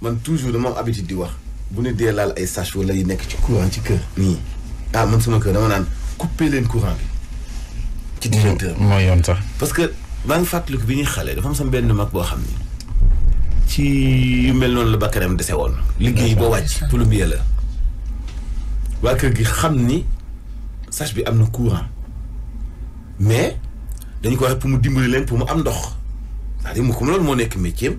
man toujours dama habitude di wax bu ne dee ay sach wala yi nekk ci courant ci cœur ni ah man sama cœur dama naan couper leen courant bi. ci disjoncteur bi yon sax. parce que bang ngi bi ni xalé dafa am sam benn mak bo xamni ci yu mel non la bakaram dese woon. liggéey boo wàcc plombier la. waa kër gi xamni sache bi amna courant mais dañ ko wax pour mu dimbali leen pour mu am ndox c'est-à-dire mu comme lool mo nek métier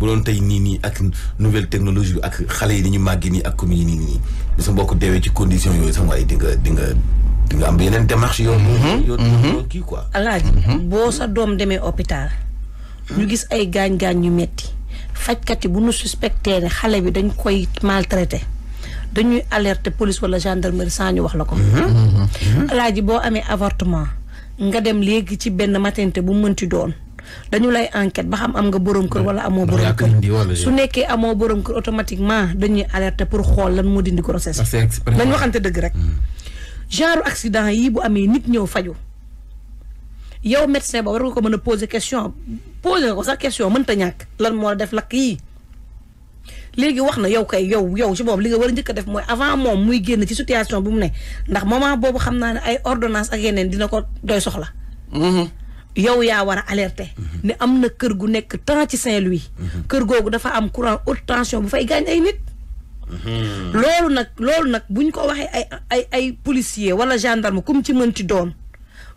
bu doon tey nii nii ak nouvelle technologie bi ak xale yi ni ñu màggi nii ak communes yi nii nii nii sa mbokk deewee ci condition yooyu sama ay di nga di nga di am yeneen démarche yoo yoo kii ko alaaji boo sa doom demee hôpital ñu gis ay gaañ-gaañ yu metti fajkat yi bu ñu suspecté ne xale bi dañ koy maltraité dañuy alerter police wala gendarmerie saa ñu wax la ko mhm. Mhm. alaaji boo amee avortement nga dem léegi ci benn maternité bu mënti doon dañu lay enquête ba xam am nga borom kër wala amoo borom kër su nekkee amoo borom kër automatiquement dañuy alerter pour xool lan moo dindi grossesse dañ waxante dëgg rek hmm. genre accident yii bu amee nit ñëw faju yow médecin ba war ko mën a poser question poser ko question mënta ñàkk lan moo def lakk yii léegi wax na yow kay yow yow ci boobu li nga war a njëkk def mooy avant moom muy génn ci situation bi mu ne ndax moment boobu xam naa ne ay ordonnance ak yeneen dina ko doy soxla mm-hmm. yow yaa war a alerter. Mhm. ni am na kër gu nekk temps ci Saint-Louis. Mhm. kër googu dafa am courant haute tension bu fay gaañ ay nit. Mhm. loolu nag loolu nag buñ ko waxee ay ay ay policier wala gendarme comme ci mënti doon.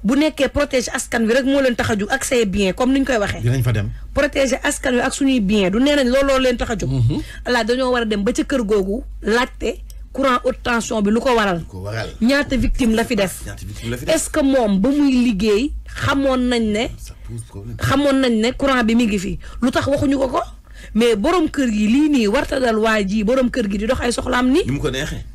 bu nekkee protéger askan wi rek moo leen tax a jóg ak say bien comme ni ñu koy waxee. dinañ fa dem protéger askan wi ak suñuy bien du nee nañ looloo leen tax a jóg. dañoo war a dem ba ca kër googu laajte. courant haute tension bi lu ko waral. ñaata victime la fi def. est-ce que moom ba muy liggéey xamoon nañ ne. xamoon nañ ne courant bi mi ngi fi lu tax waxuñu ko ko mais borom kër gi lii nii warta dal waa jii borom kër gi di dox ay soxlaam ni. mu ko neexee.